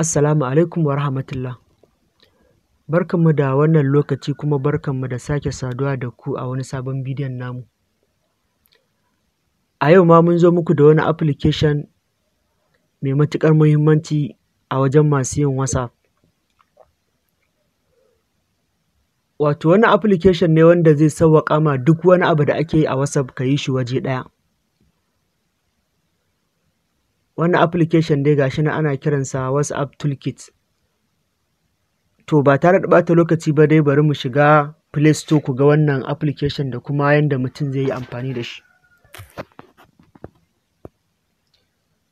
Assalamu alaikum wa rahmatullah. Barkanmu da wannan lokaci kuma barkanmu da sake saduwa da ku a wani sabon bidiyon namu. A yau ma mun zo muku da wani application mai matuƙar muhimmanci a wajen masu yin WhatsApp. Wato wannan application ne wanda zai sawwaƙa ma duk wani abu da ake yi a WhatsApp ka yi shi waje ɗaya. wani application dai gashi nan ana kiransa WhatsApp toolkit. To ba tare da ɓata lokaci ba dai bari mu shiga Play Store ku ga wannan application da kuma yadda mutum zai yi amfani da shi.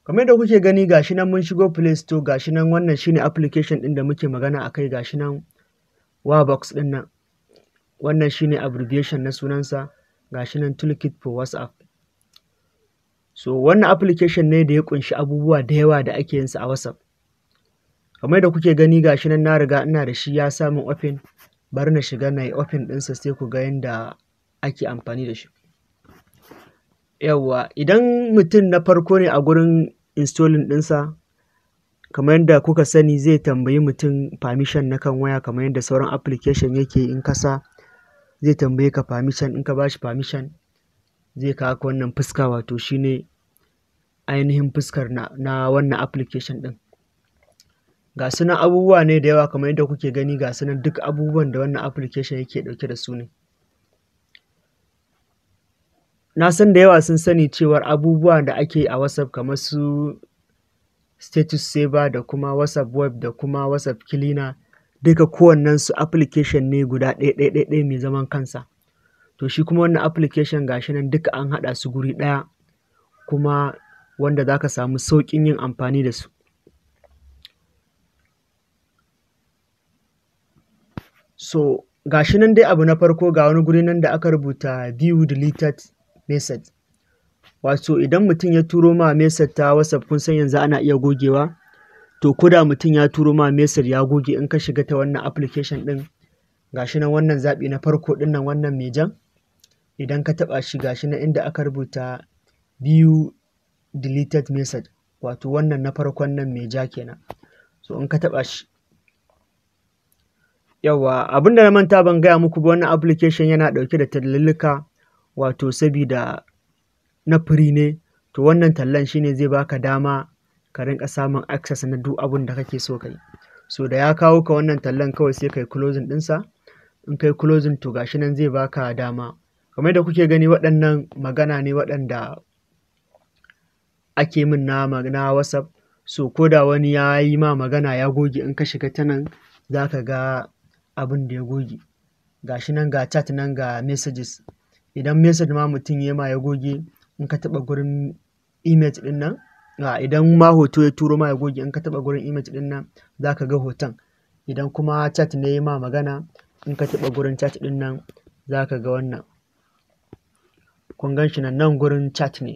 Kamar da kuke gani gashi nan mun shigo Play Store gashi nan wannan shine application ɗin da muke magana akai gashi nan Wabox ɗin nan. Wannan shine abbreviation na sunansa gashi nan toolkit for WhatsApp. So wannan application ne da ya kunshi abubuwa da yawa da ake yinsa a WhatsApp. Kamar da kuke gani gashi nan na riga ina da shi ya samun open bari na shiga na yi open ɗinsa sai ku ga yadda ake amfani da shi. Yawwa idan mutum na farko ne a gurin installing ɗinsa kamar yadda kuka sani zai tambayi mutum permission na kan waya kamar yadda sauran application yake in ka zai tambaye ka permission in ka bashi permission zai kawo ka wannan fuska wato shine ainihin fuskar na, na wannan application din. Ga sunan abubuwa ne da yawa kamar yadda kuke gani ga sunan duk abubuwan da wannan application yake dauke da su ne. Na san da yawa sun sani cewar abubuwa da ake a WhatsApp kamar su status saver da kuma WhatsApp web da kuma WhatsApp cleaner duka su application ne guda ɗaya ɗaya ɗaya mai zaman kansa. to shi kuma wannan application gashi nan duka an haɗa su guri ɗaya kuma wanda za ka samu sauƙin yin amfani da su so gashi nan dai abu na farko ga wani guri nan da aka rubuta view deleted message wato idan mutum ya turo ma message ta whatsapp kun san yanzu ana iya gogewa to koda mutum ya turo ma message ya goge in ka shiga ta wannan application ɗin gashi nan wannan zaɓi na farko ɗin nan wannan mai jan idan ka taɓa shi gashi na inda aka rubuta view deleted message wato wannan na farkon nan mai ja kenan so in ka taɓa shi yawa abinda na manta ban gaya muku ba wannan application yana ɗauke da tallulluka wato sabida na free ne to wannan tallan shine zai baka dama ka rinka samun access na duk abin da kake so kai so da ya kawo ka wannan tallan kawai sai kai closing ɗinsa in kai closing to gashi nan zai baka dama kamar da kuke gani waɗannan magana ne waɗanda ake min na na wasaf so ko da wani ya yi ma magana ya goge in ka shiga ta nan za ka ga abin da ya goge ga shi nan ga chat nan ga messages idan message ma mutum ya ma ya goge in ka taɓa gurin image ɗin nan idan ma hoto ya turo ma ya goge in ka taɓa gurin image ɗin nan za ka ga hoton idan kuma chat ne ya ma magana in ka taɓa gurin chat ɗin nan za ka ga wannan kun gan shi nan nan gurin chat ne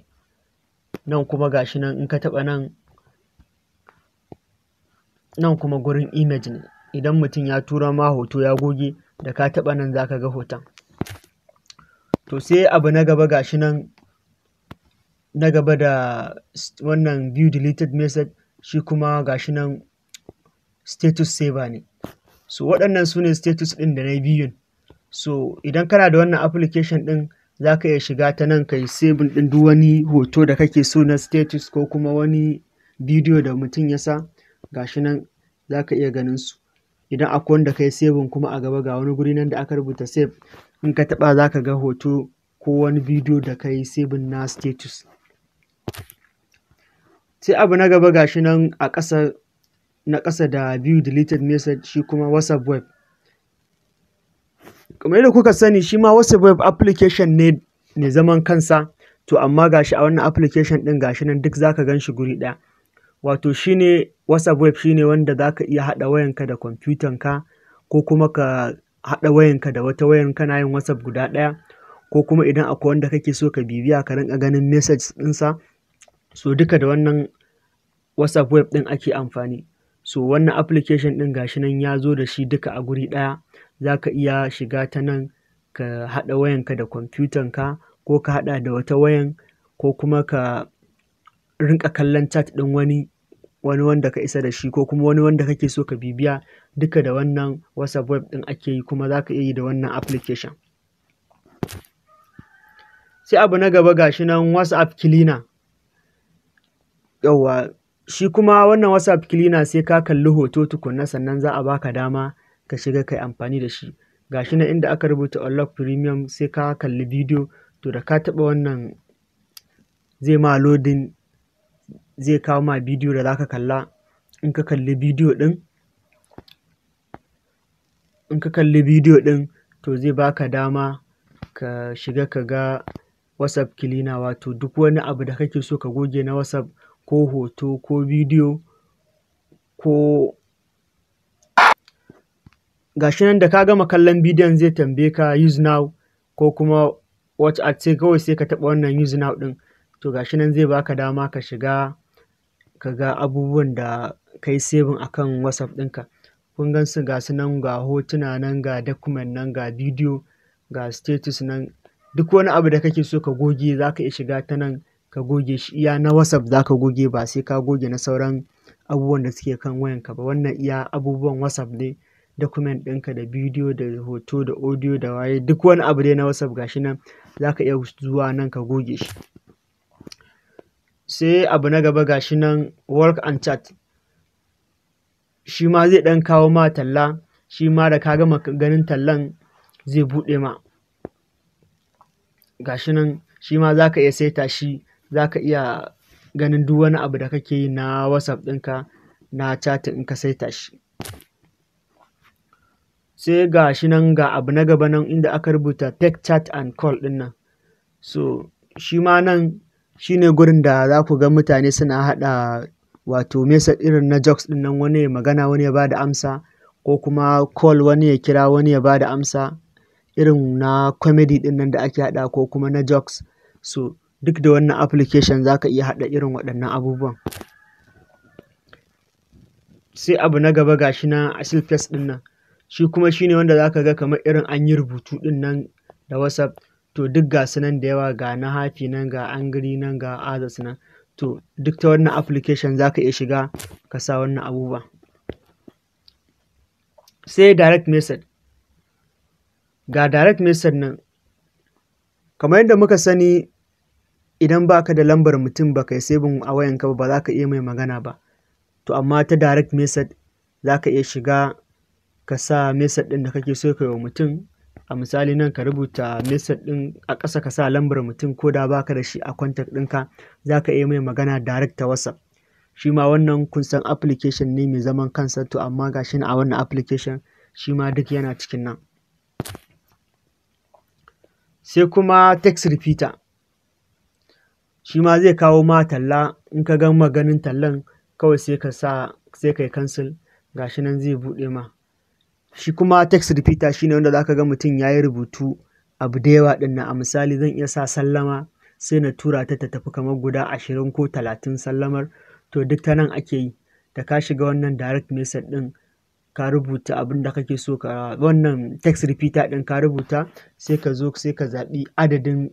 nan kuma ga shi nan in ka taɓa nan nan kuma gurin image ne idan mutum ya tura ma hoto ya goge da ka taɓa nan zaka ga hoton to sai abu na gaba ga shi nan na gaba da wannan view deleted message shi kuma ga shi nan status saver ne so waɗannan su ne status ɗin da na biyun so idan kana da wannan application ɗin za ka iya shiga ta nan ka yi ɗin duk wani hoto da kake so na status ko kuma wani bidiyo da mutum ya sa gashi nan za ka iya ganin su idan akwai wanda ka yi kuma a gaba ga wani guri nan da aka rubuta save in ka taɓa za ka ga hoto ko wani bidiyo da ka yi saving na status sai abu na gaba gashi nan a ƙasa na ƙasa da view deleted message shi kuma whatsapp web kamar yadda kuka sani shi ma wasu web application ne ne zaman kansa to amma gashi a wannan application ɗin gashi nan duk zaka gan shi guri ɗaya wato shine WhatsApp web shine wanda zaka iya haɗa wayanka da kwamfutanka ko kuma ka haɗa wayanka da wata wayan kana yin WhatsApp guda ɗaya ko kuma idan akwai wanda kake so ka bibiya ka rinka ganin message ɗinsa so duka da wannan WhatsApp web ɗin ake amfani so wannan application ɗin gashi nan ya zo da shi duka a guri ɗaya za ka iya shiga ta nan ka haɗa wayanka da kwamfutanka ko ka haɗa da wata wayan ko kuma ka rinƙa kallon chat ɗin wani wani wanda ka isa da shi ko kuma wani wanda kake so ka bibiya duka da wannan WhatsApp web ɗin ake yi kuma za ka iya yi da wannan application. Sai abu na gaba ga shi nan WhatsApp Cleaner. Yawwa shi kuma wannan WhatsApp Cleaner sai ka kalli hoto tukunna sannan za a baka dama ka shiga kai amfani da shi Ga shi nan inda aka rubuta unlock premium sai ka kalli bidiyo to da ka taɓa wannan zai ma loading zai kawo ma bidiyo da zaka kalla in ka kalli bidiyo ɗin in ka kalli bidiyo ɗin to zai baka dama ka shiga ka ga whatsapp cleaner wato duk wani abu da kake so ka goge na whatsapp ko hoto ko bidiyo ko gashi nan da ka gama kallon bidiyon zai tambaye ka use now ko kuma watch at sai kawai sai ka taɓa wannan use now ɗin to gashi nan zai baka dama ka shiga ka ga abubuwan da ka kai saving kan whatsapp ɗinka kun gan su ga su nan ga hotuna nan ga document nan ga video, ga status nan duk wani abu da kake so ka goge za ka iya shiga ta nan ka goge shi iya na whatsapp za ka goge ba sai ka goge na sauran abubuwan da suke kan wayanka ba wannan iya abubuwan whatsapp ne document ɗinka da bidiyo da hoto da audio da waye duk wani abu dai na WhatsApp gashi nan za ka iya zuwa nan ka goge shi. Sai abu na gaba gashi nan work and chat. Shi ma zai ɗan kawo ma talla shi ma da ka gama ganin tallan zai buɗe ma. Gashi nan shi ma za iya saita shi zaka iya ganin duk wani abu da kake yi na WhatsApp ɗinka na chat in ka saita shi. sai ga shi nan ga abu na gaba nan inda aka rubuta tech chat and call din nan so shi ma nan shi ne gurin da za ku ga mutane suna haɗa wato mesa irin na jokes din nan wani ya magana wani ya ba da amsa ko kuma call wani ya kira wani ya ba da amsa irin na comedy din nan da ake haɗa ko kuma na jokes so duk da wannan application za ka iya haɗa irin waɗannan abubuwan sai abu na gaba gashi na asil face din nan shi kuma shi ne wanda zaka ga kamar irin an yi rubutu ɗin nan da WhatsApp to duk ga su nan da yawa ga na hafi nan ga angry nan ga others nan to duk ta wannan application zaka iya shiga ka sa wannan abubuwa sai direct message ga direct message nan kamar yadda muka sani idan baka da lambar mutum ba kai sabin a wayanka ba za ka iya mai magana ba to amma ta direct message za ka iya shiga ka sa mesa ɗin da kake so ka yi wa mutum. A misali nan ka rubuta mesa ɗin a ƙasa ka sa lambar mutum ko da ba ka da shi a contact ɗinka za ka iya mai magana direct ta WhatsApp. Shi ma wannan kun san application ne mai zaman kansa to amma ga shi a wannan application shi ma duk yana cikin nan. Sai kuma text repeater. Shi ma zai kawo ma talla in ka gan maganin tallan kawai sai ka sa sai ka yi cancel ga shi nan zai buɗe ma. shi kuma text repeater ne wanda za ka ga mutum ya yi rubutu abu da yawa din a misali zan iya sa sallama sai na tura ta ta tafi kamar guda ashirin ko talatin sallamar to duk ta nan ake yi da ka shiga wannan direct message din ka rubuta abin da kake so ka wannan text repeater din ka rubuta sai ka zo sai ka zaɓi adadin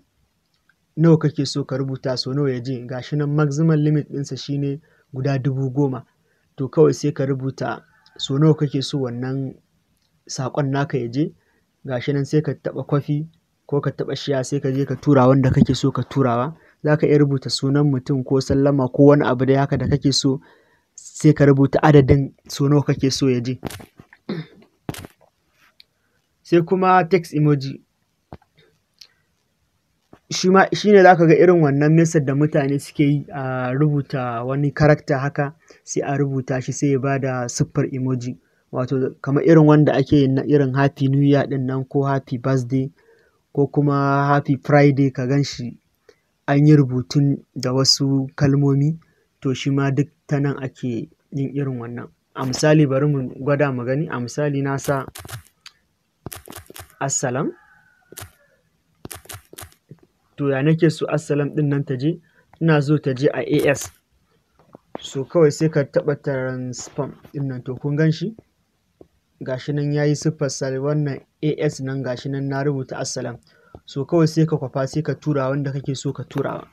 nawa kake so ka rubuta so nawa ya je gashi nan maximum limit ɗinsa shine guda dubu goma to kawai sai ka rubuta so nawa kake so wannan saƙon naka ya je gashi nan sai ka taɓa kwafi ko ka taɓa shiya sai ka je ka tura wanda kake so ka turawa za ka iya rubuta sunan mutum ko sallama ko wani abu dai haka da kake so sai ka rubuta adadin so nawa kake so ya je sai kuma text emoji shi ne za ka ga irin wannan mesar da mutane suke yi a rubuta wani karakta haka sai a rubuta shi sai ya ba da siffar emoji wato kamar irin wanda ake yin na irin happy new year nan ko happy birthday ko kuma happy friday ka gan shi an yi rubutun da wasu kalmomi to shi ma duk ta nan ake yin irin wannan. A misali bari mu gwada mu gani, a misali na sa assalam to ya nake so assalam din nan ta je? Ina zo ta je a AS so kawai sai ka taɓa spam din nan to kun gan shi. gashi nan yayi siffar sal wannan AS nan gashi nan na rubuta assalam so kawai sai ka kwafa sai ka tura wanda kake so ka turawa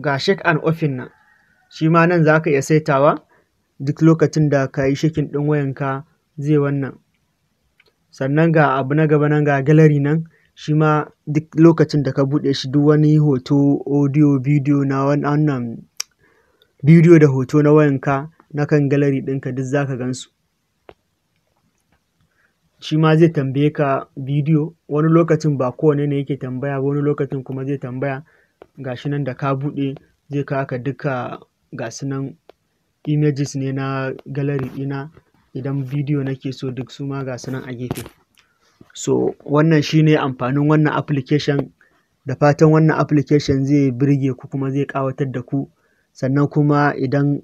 ga shek an ofin nan shi ma nan za ka iya saitawa duk lokacin da ka yi shekin ɗin wayanka zai wannan sannan ga abu na gaba nan ga galari nan shi ma duk lokacin da ka buɗe shi duk wani hoto audio video na wannan bidiyo da hoto na wayanka na kan galeri ɗinka duk za ka gan su shi ma zai tambaye ka bidiyo wani lokacin ba kowane ne yake tambaya ba wani lokacin kuma zai tambaya Ga shi nan da ka buɗe zai kawo ka duka su nan images ne na galeri ɗina idan bidiyo nake so duk su ma su nan a gefe so wannan shi ne amfanin wannan application da fatan wannan application zai birge ku kuma zai ƙawatar da ku sannan kuma idan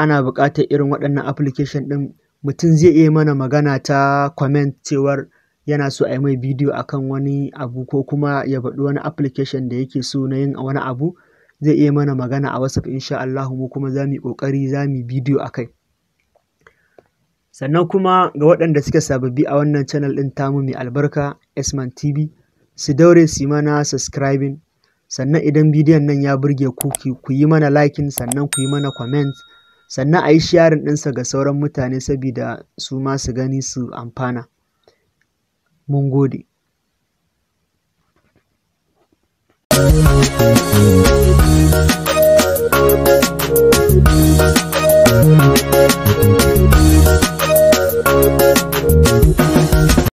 ana buƙatar irin waɗannan application ɗin mutum zai iya mana magana ta comment cewar yana so a yi mai bidiyo akan wani abu ko kuma ya faɗi wani application da yake so na yin wani abu zai iya mana magana a WhatsApp insha Allahu mu kuma za mu yi ƙoƙari za mu yi bidiyo a kai. Sannan kuma ga waɗanda suke sababbi a wannan channel ɗin tamu mai albarka Esman TV su daure su yi mana subscribing sannan idan bidiyon nan ya burge ku ku yi mana liking sannan ku yi mana comment sannan a yi sharing ɗinsa ga sauran mutane sabida su ma su gani su amfana mun gode